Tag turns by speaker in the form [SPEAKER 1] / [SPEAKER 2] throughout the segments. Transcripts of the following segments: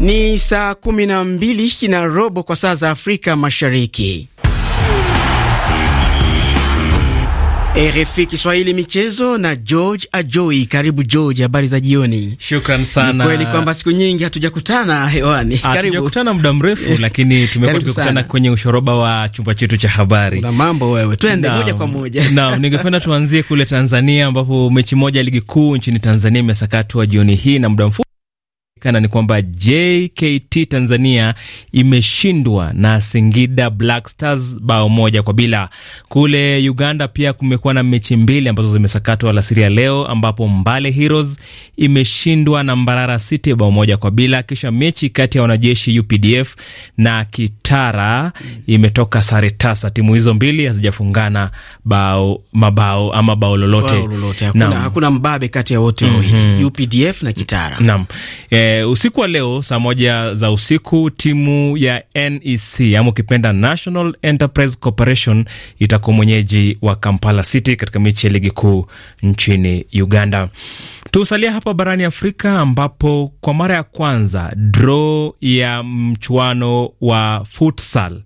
[SPEAKER 1] Ni saa kumi na mbili na robo kwa saa za Afrika Mashariki. RFI Kiswahili michezo na George Ajoi. Karibu George, habari za jioni. Shukran sana. Kweli kwamba siku nyingi hatujakutana hewani. Ah, hatujakutana muda mrefu eh, lakini tumekuwa tukikutana kwenye ushoroba wa chumba chetu cha habari. Na mambo wewe. Twende moja kwa moja. Naam, ningependa tuanzie kule Tanzania ambapo mechi moja ligi kuu nchini Tanzania imesakatwa jioni hii na muda mfupi kana ni kwamba JKT Tanzania imeshindwa na Singida Black Stars bao moja kwa bila. Kule Uganda pia kumekuwa na mechi mbili ambazo zimesakatwa alasiri ya leo, ambapo Mbale Heroes imeshindwa na Mbarara City bao moja kwa bila, kisha mechi kati ya wanajeshi UPDF na Kitara imetoka sare tasa. Timu hizo mbili hazijafungana bao mabao ama bao lolote, lolote. Hakuna, hakuna mbabe kati ya wote mm -hmm. UPDF na Kitara. Naam. Eh, Eh, usiku wa leo saa moja za usiku timu ya NEC ama ukipenda National Enterprise Corporation itakuwa mwenyeji wa Kampala City katika mechi ya ligi kuu nchini Uganda. Tusalia hapa barani Afrika ambapo kwa mara ya kwanza draw ya mchuano wa futsal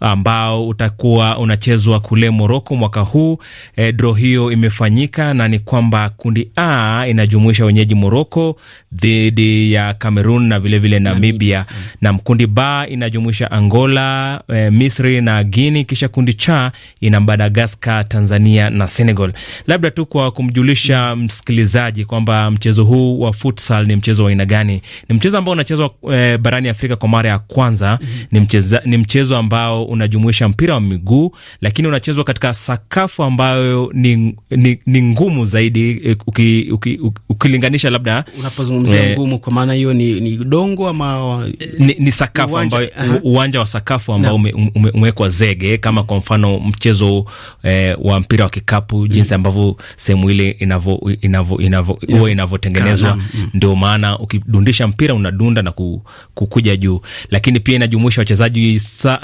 [SPEAKER 1] ambao utakuwa unachezwa kule Moroko mwaka huu e, draw hiyo imefanyika na ni kwamba kundi A inajumuisha wenyeji Moroko dhidi ya Cameroon na vilevile vile Namibia, na kundi B inajumuisha Angola e, Misri na Guinea, kisha kundi cha ina Madagaskar, Tanzania na Senegal. Labda tu kwa kumjulisha msikilizaji kwa kwamba mchezo huu wa futsal ni mchezo wa aina gani. Ni mchezo ambao unachezwa e, barani Afrika kwa mara ya kwanza. mm -hmm. Ni, mcheza, ni mchezo ambao unajumuisha mpira wa miguu, lakini unachezwa katika sakafu ambayo ni, ni, ni ngumu zaidi uki, eh, uki, uki, ukilinganisha labda unapozungumzia e, ngumu kwa maana hiyo ni, ni dongo ama ni, ni sakafu uwanja, ambayo uh -huh. uwanja wa sakafu ambao umewekwa ume, ume zege kama mhm. kwa mfano mchezo e, wa mpira wa kikapu mhm. jinsi ambavyo sehemu ile inavyo inavyo huwa yeah, inavyotengenezwa mm. Ndio maana ukidundisha mpira unadunda na kukuja juu, lakini pia inajumuisha wachezaji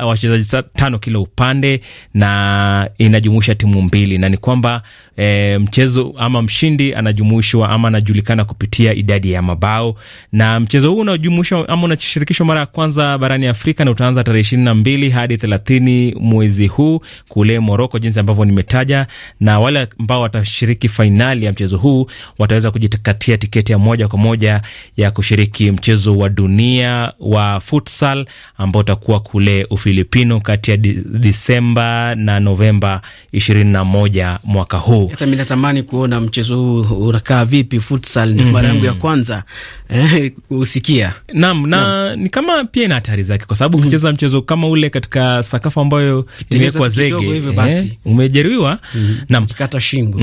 [SPEAKER 1] wachezaji tano kila upande na inajumuisha timu mbili, na ni kwamba e, mchezo ama mshindi anajumuishwa ama anajulikana kupitia idadi ya mabao, na mchezo huu unajumuishwa ama unashirikishwa mara ya kwanza barani Afrika na utaanza tarehe ishirini na mbili hadi thelathini mwezi huu kule Moroko, jinsi ambavyo nimetaja, na wale ambao watashiriki fainali ya mchezo huu wataweza kujitakatia tiketi ya moja kwa moja ya kushiriki mchezo wa dunia wa futsal ambao utakuwa kule Ufilipino kati ya Disemba na Novemba 21 mwaka huu. Hata mimi natamani kuona mchezo huu unakaa vipi. Futsal ni mara yangu ya mhm. kwanza eh, usikia. Naam, na ni kama pia ina hatari zake kwa sababu mhm. ukicheza mchezo kama ule katika sakafu ambayo imewekwa zege eh, umejeruhiwa. Mhm. Naam, kata shingo.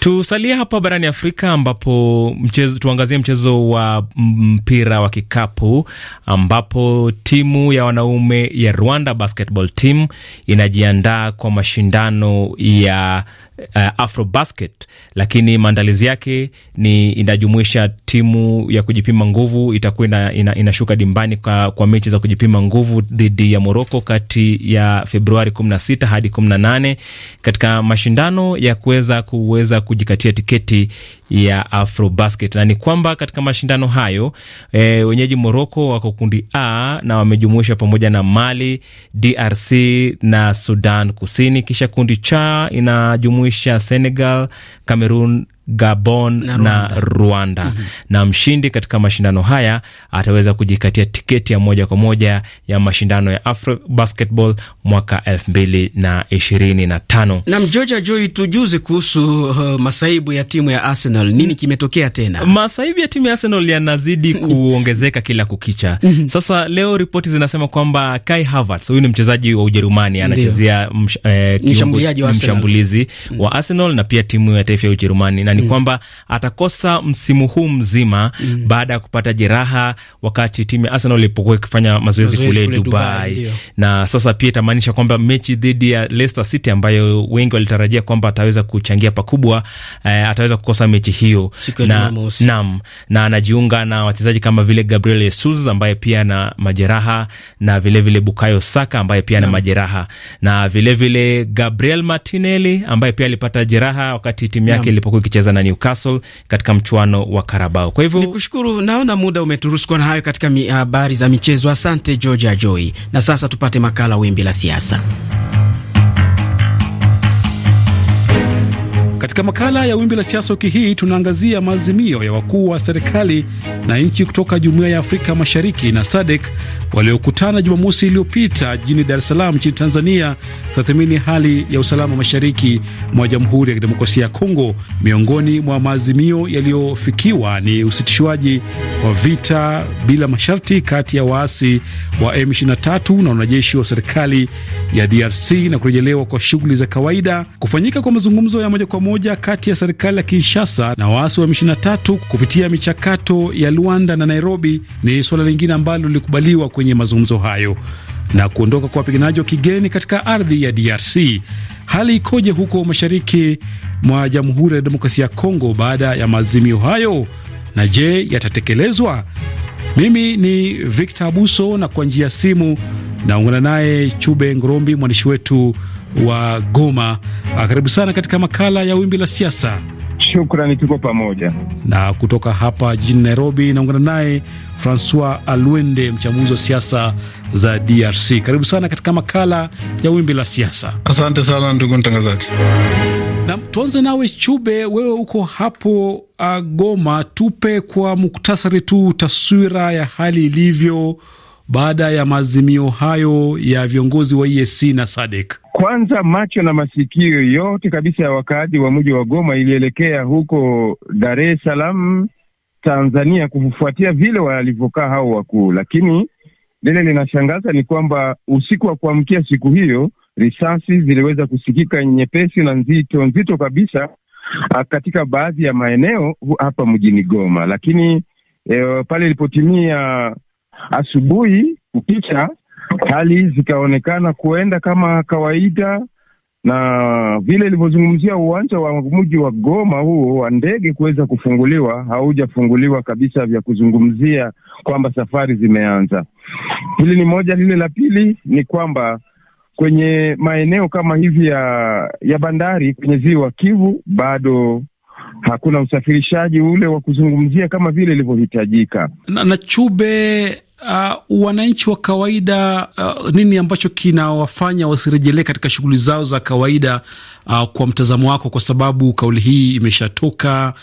[SPEAKER 1] Tusalie hapa barani Afrika ambapo mchezo, tuangazie mchezo wa mpira wa kikapu ambapo timu ya wanaume ya Rwanda Basketball Team inajiandaa kwa mashindano ya uh, Afrobasket, lakini maandalizi yake ni inajumuisha timu ya kujipima nguvu itakuwa ina, ina, inashuka dimbani kwa, kwa mechi za kujipima nguvu dhidi ya Moroko kati ya Februari 16 hadi 18 katika mashindano ya kuweza kuweza kujikatia tiketi ya Afrobasket, na ni kwamba katika mashindano hayo e, wenyeji Moroko wako kundi A na wamejumuisha pamoja na Mali, DRC na Sudan Kusini, kisha kundi cha inajumuisha Croatia, Senegal, Cameroon, Gabon na Rwanda, na, Rwanda. Mm -hmm. Na mshindi katika mashindano haya ataweza kujikatia tiketi ya moja kwa moja ya mashindano ya Afro Basketball mwaka elfu mbili na ishirini na tano.
[SPEAKER 2] Na mjoja joi, tujuze kuhusu
[SPEAKER 1] uh, masaibu ya timu ya Arsenal, nini kimetokea tena? Masaibu ya timu ya Arsenal yanazidi mm-hmm. kuongezeka kila kukicha. Mm-hmm. Sasa leo ripoti zinasema kwamba Kai Havertz, huyu ni mchezaji wa Ujerumani anachezea msh, eh, mshambulizi wa Arsenal. Mm-hmm. wa Arsenal na pia timu ya taifa ya Ujerumani na ni mm. kwamba atakosa msimu huu mzima mm. baada ya kupata jeraha wakati timu ya Arsenal ilipokuwa ikifanya mazoezi kule Dubai, Dubai na sasa pia itamaanisha kwamba mechi dhidi ya Leicester City ambayo wengi walitarajia kwamba ataweza kuchangia pakubwa, eh, ataweza kukosa mechi hiyo na, nam, na anajiunga na wachezaji kama vile Gabriel Jesus ambaye pia ana majeraha na vilevile vile Bukayo Saka ambaye pia ana majeraha na vilevile vile Gabriel Martinelli ambaye pia alipata jeraha wakati timu yake ilipokuwa wakicheza na Newcastle katika mchuano wa Karabao. Kwa hivyo nikushukuru, naona muda umeturuhusu na hayo katika habari za michezo. Asante george Joy, na sasa tupate makala
[SPEAKER 2] wimbi la siasa. Katika makala ya wimbi la siasa wiki hii tunaangazia maazimio ya wakuu wa serikali na nchi kutoka Jumuiya ya Afrika Mashariki na SADC waliokutana Jumamosi iliyopita jijini Dar es Salaam nchini Tanzania kutathimini hali ya usalama mashariki mwa Jamhuri ya Kidemokrasia ya Kongo. Miongoni mwa maazimio yaliyofikiwa ni usitishwaji wa vita bila masharti kati ya waasi wa M23 na wanajeshi wa serikali ya DRC na kurejelewa kwa shughuli za kawaida, kufanyika kwa mazungumzo ya moja kwa moja moja kati ya serikali ya Kinshasa na waasi wa M23 kupitia michakato ya Luanda na Nairobi ni suala lingine ambalo lilikubaliwa kwenye mazungumzo hayo. Na kuondoka kwa wapiganaji wa kigeni katika ardhi ya DRC, hali ikoje huko mashariki mwa Jamhuri ya Demokrasia ya Kongo baada ya maazimio hayo, na je, yatatekelezwa? Mimi ni Victor Abuso na kwa njia ya simu Naungana naye Chube ngrombi mwandishi wetu wa Goma. Ah, karibu sana katika makala ya Wimbi la Siasa.
[SPEAKER 3] Shukrani, tuko pamoja.
[SPEAKER 2] Na kutoka hapa jijini Nairobi naungana naye Francois Alwende, mchambuzi wa siasa za DRC. Karibu sana katika makala ya Wimbi la Siasa. Asante sana ndugu mtangazaji. Na tuanze nawe Chube, wewe uko hapo ah, Goma, tupe kwa muktasari tu taswira ya hali ilivyo baada ya maazimio hayo ya viongozi wa EAC na SADC?
[SPEAKER 3] Kwanza macho na masikio yote kabisa ya wakaaji wa mji wa Goma ilielekea huko Dar es Salaam Tanzania kufuatia vile walivyokaa hao wakuu, lakini lile linashangaza ni kwamba usiku wa kuamkia siku hiyo risasi ziliweza kusikika nyepesi na nzito nzito kabisa ah, katika baadhi ya maeneo hapa mjini Goma, lakini e, pale ilipotimia Asubuhi kukicha, hali zikaonekana kuenda kama kawaida, na vile ilivyozungumzia uwanja wa mji wa Goma huo wa ndege kuweza kufunguliwa, haujafunguliwa kabisa, vya kuzungumzia kwamba safari zimeanza. Hili ni moja. Lile la pili ni kwamba kwenye maeneo kama hivi ya ya bandari kwenye ziwa Kivu bado hakuna usafirishaji ule wa kuzungumzia kama vile ilivyohitajika.
[SPEAKER 2] Na, na Chube uh, wananchi wa kawaida uh, nini ambacho kinawafanya wasirejelee katika shughuli zao za kawaida uh, kwa mtazamo wako, kwa sababu kauli hii imeshatoka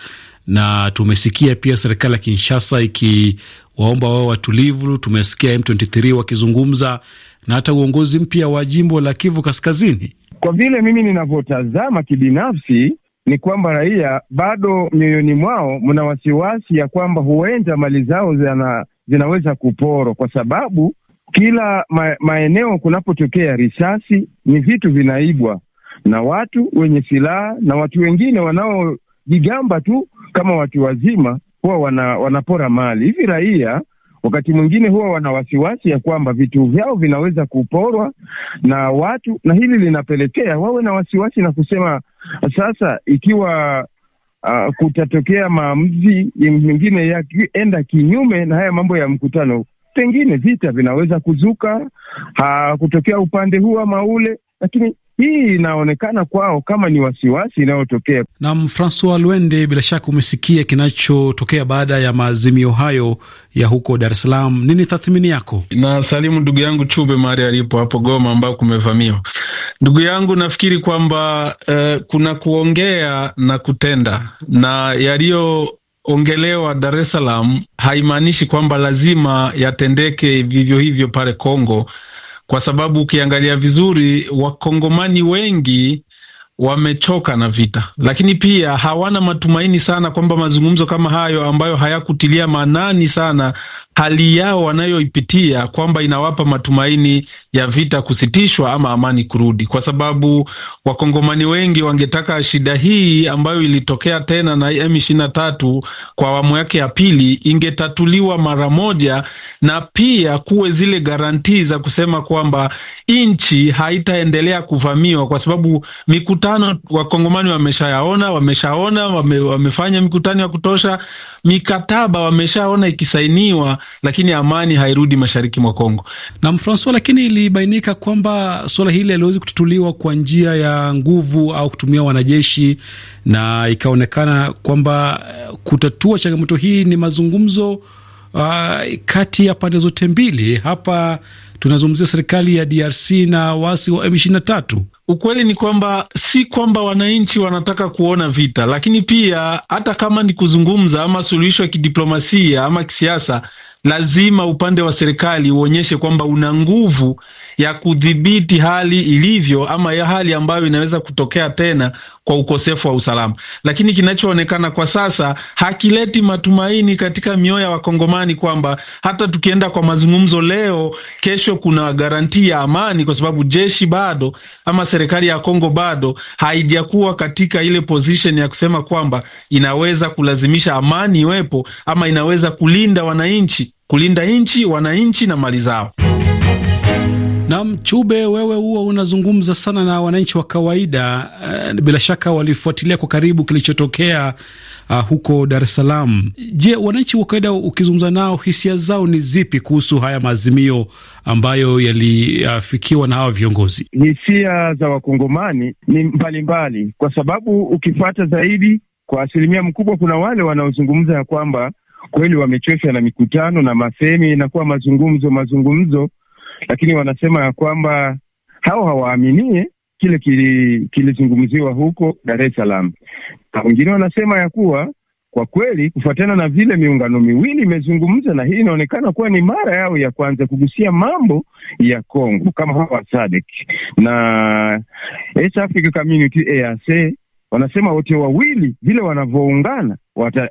[SPEAKER 2] na tumesikia pia serikali ya Kinshasa ikiwaomba wao watulivu. Tumesikia M23 wakizungumza na hata uongozi mpya wa jimbo la Kivu
[SPEAKER 3] Kaskazini. Kwa vile mimi ninavyotazama kibinafsi ni kwamba raia bado mioyoni mwao mna wasiwasi ya kwamba huenda mali zao zana zinaweza kuporwa kwa sababu kila ma maeneo kunapotokea risasi ni vitu vinaibwa na watu wenye silaha na watu wengine wanaojigamba tu kama watu wazima huwa wana, wanapora mali hivi. Raia wakati mwingine huwa wana wasiwasi ya kwamba vitu vyao vinaweza kuporwa na watu, na hili linapelekea wawe na wasiwasi na kusema sasa, ikiwa uh, kutatokea maamuzi mengine yakienda kinyume na haya mambo ya mkutano, pengine vita vinaweza kuzuka, uh, kutokea upande huu ama ule, lakini hii inaonekana kwao kama ni wasiwasi inayotokea.
[SPEAKER 2] Naam, Francois Lwende, bila shaka umesikia kinachotokea baada ya maazimio hayo
[SPEAKER 4] ya huko Dar es Salaam. Nini tathmini yako? Na salimu ndugu yangu Chube mahali alipo hapo Goma ambao kumevamiwa. Ndugu yangu, nafikiri kwamba eh, kuna kuongea na kutenda na yaliyo ongelewa Dar es Salaam haimaanishi kwamba lazima yatendeke vivyo hivyo pale Kongo kwa sababu ukiangalia vizuri wakongomani wengi wamechoka na vita, lakini pia hawana matumaini sana kwamba mazungumzo kama hayo ambayo hayakutilia maanani sana hali yao wanayoipitia kwamba inawapa matumaini ya vita kusitishwa ama amani kurudi, kwa sababu wakongomani wengi wangetaka shida hii ambayo ilitokea tena na M23 kwa awamu yake ya pili ingetatuliwa mara moja, na pia kuwe zile garantii za kusema kwamba nchi haitaendelea kuvamiwa, kwa sababu mikutano wakongomani wameshayaona, wameshaona wame, wamefanya mikutano ya kutosha, mikataba wameshaona ikisainiwa lakini amani hairudi mashariki mwa Kongo. Na Francois, lakini ilibainika kwamba
[SPEAKER 2] suala hili haliwezi kutatuliwa kwa njia ya nguvu au kutumia wanajeshi, na ikaonekana kwamba eh, kutatua changamoto hii ni mazungumzo Uh, kati ya pande zote mbili hapa tunazungumzia serikali ya DRC na
[SPEAKER 4] waasi wa M23. Ukweli ni kwamba si kwamba wananchi wanataka kuona vita, lakini pia hata kama ni kuzungumza ama suluhisho ya kidiplomasia ama kisiasa, lazima upande wa serikali uonyeshe kwamba una nguvu ya kudhibiti hali ilivyo ama ya hali ambayo inaweza kutokea tena kwa ukosefu wa usalama. Lakini kinachoonekana kwa sasa hakileti matumaini katika mioyo ya Wakongomani kwamba hata tukienda kwa mazungumzo leo, kesho kuna garanti ya amani, kwa sababu jeshi bado ama serikali ya Kongo bado haijakuwa katika ile position ya kusema kwamba inaweza kulazimisha amani iwepo ama inaweza kulinda wananchi kulinda nchi, wananchi na mali zao. Nam Chube,
[SPEAKER 2] wewe huo unazungumza sana na wananchi wa kawaida uh, bila shaka walifuatilia kwa karibu kilichotokea uh, huko Dar es Salaam. Je, wananchi wa kawaida ukizungumza nao, hisia zao ni zipi kuhusu haya maazimio ambayo yaliafikiwa uh, na hawa viongozi?
[SPEAKER 3] Hisia za wakongomani ni mbalimbali mbali, kwa sababu ukifata zaidi kwa asilimia mkubwa kuna wale wanaozungumza ya kwamba kweli wamechosha na mikutano na masemi, inakuwa mazungumzo mazungumzo, lakini wanasema ya kwamba hao hawaaminie kile kilizungumziwa huko Dar es Salaam, na wengine wanasema ya kuwa kwa kweli kufuatana na vile miungano miwili imezungumza, na hii inaonekana kuwa ni mara yao ya kwanza kugusia mambo ya Kongo kama hawa SADC na East Africa Community EAC Wanasema wote wawili vile wanavyoungana,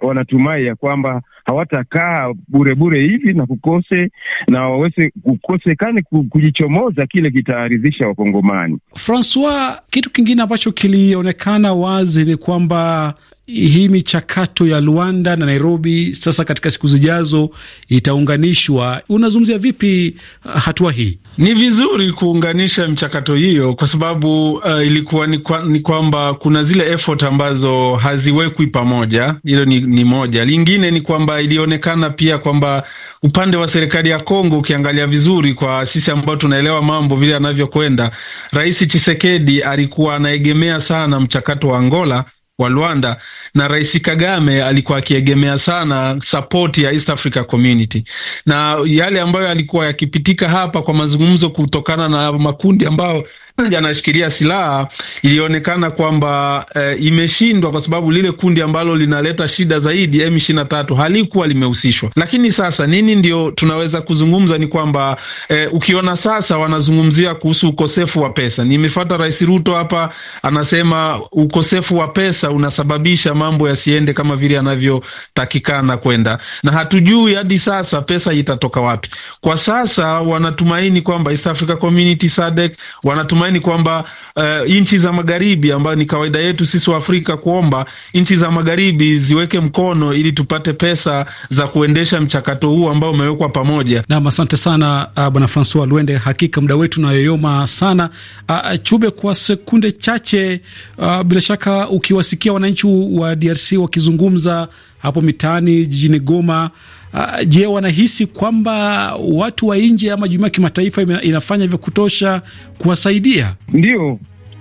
[SPEAKER 3] wanatumai ya kwamba hawatakaa bure bure hivi na kukose na waweze kukosekani kujichomoza, kile kitaaridhisha Wakongomani.
[SPEAKER 2] Francois, kitu kingine ambacho kilionekana wazi ni kwamba hii michakato ya Luanda na Nairobi sasa katika siku zijazo
[SPEAKER 4] itaunganishwa.
[SPEAKER 2] Unazungumzia vipi uh, hatua hii?
[SPEAKER 4] Ni vizuri kuunganisha mchakato hiyo kwa sababu uh, ilikuwa ni, kwa, ni kwamba kuna zile effort ambazo haziwekwi pamoja. Hilo ni, ni moja. Lingine ni kwamba ilionekana pia kwamba upande wa serikali ya Kongo, ukiangalia vizuri, kwa sisi ambao tunaelewa mambo vile yanavyokwenda, Rais chisekedi alikuwa anaegemea sana mchakato wa Angola wa Rwanda na Rais Kagame alikuwa akiegemea sana sapoti ya East Africa Community na yale ambayo alikuwa yakipitika hapa kwa mazungumzo, kutokana na makundi ambayo yanashikilia silaha ilionekana kwamba e, imeshindwa kwa sababu lile kundi ambalo linaleta shida zaidi M23 halikuwa limehusishwa. Lakini sasa nini ndio tunaweza kuzungumza ni kwamba e, ukiona sasa wanazungumzia kuhusu ukosefu wa pesa. nimefuata Rais Ruto hapa anasema ukosefu wa pesa unasababisha mambo yasiende kama vile yanavyotakikana kwenda, na hatujui hadi sasa pesa itatoka wapi. Kwa sasa wanatumaini kwamba East Africa Community SADC wanatumaini tunaimani kwamba uh, eh, nchi za magharibi ambayo ni kawaida yetu sisi wa Afrika kuomba nchi za magharibi ziweke mkono ili tupate pesa za kuendesha mchakato huu ambao umewekwa pamoja.
[SPEAKER 2] Nam, asante sana uh, bwana Francois Luende, hakika muda wetu unayoyoma sana. Uh, Chube, kwa sekunde chache, uh, bila shaka ukiwasikia wananchi wa DRC wakizungumza hapo mitaani jijini Goma Uh, je, wanahisi kwamba watu wa nje ama jumuiya ya kimataifa inafanya vya kutosha kuwasaidia? Ndio,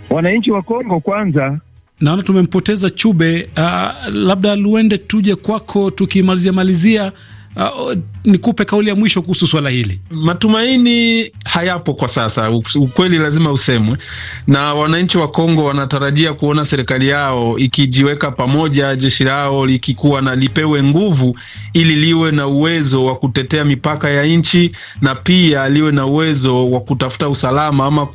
[SPEAKER 2] wananchi wa Kongo kwanza. Naona tumempoteza Chube. Uh, labda Luende, tuje kwako tukimalizia malizia Uh, nikupe kauli ya mwisho kuhusu swala hili.
[SPEAKER 4] Matumaini hayapo kwa sasa, ukweli lazima usemwe, na wananchi wa Kongo wanatarajia kuona serikali yao ikijiweka pamoja, jeshi lao likikuwa na lipewe nguvu ili liwe na uwezo wa kutetea mipaka ya nchi, na pia liwe na uwezo wa kutafuta usalama ama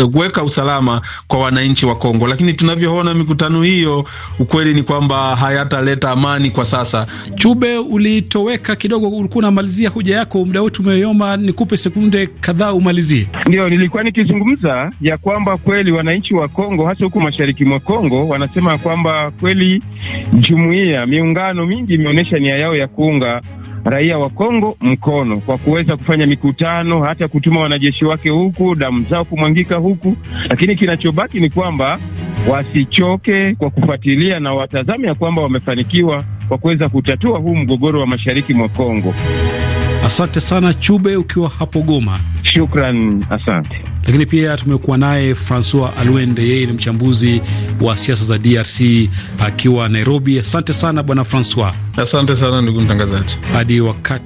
[SPEAKER 4] eh, kuweka usalama kwa wananchi wa Kongo. Lakini tunavyoona mikutano hiyo, ukweli ni kwamba hayataleta amani kwa sasa. Chube ulito umeweka kidogo, ulikuwa
[SPEAKER 3] unamalizia hoja yako, muda wetu umeyoma, nikupe sekunde kadhaa umalizie. Ndio nilikuwa nikizungumza ya kwamba kweli wananchi wa Kongo, hasa huku mashariki mwa Kongo, wanasema kwamba kweli jumuiya, miungano mingi imeonyesha nia yao ya kuunga raia wa Kongo mkono kwa kuweza kufanya mikutano, hata kutuma wanajeshi wake huku, damu zao kumwangika huku, lakini kinachobaki ni kwamba wasichoke kwa kufuatilia na watazame ya kwamba wamefanikiwa kwa kuweza kutatua huu mgogoro wa mashariki mwa Kongo.
[SPEAKER 2] Asante sana Chube, ukiwa hapo Goma. Shukran, asante. Lakini pia tumekuwa naye Francois Alwende, yeye ni mchambuzi wa siasa za DRC akiwa Nairobi. Asante sana bwana Francois. Asante sana ndugu mtangazaji, hadi wakati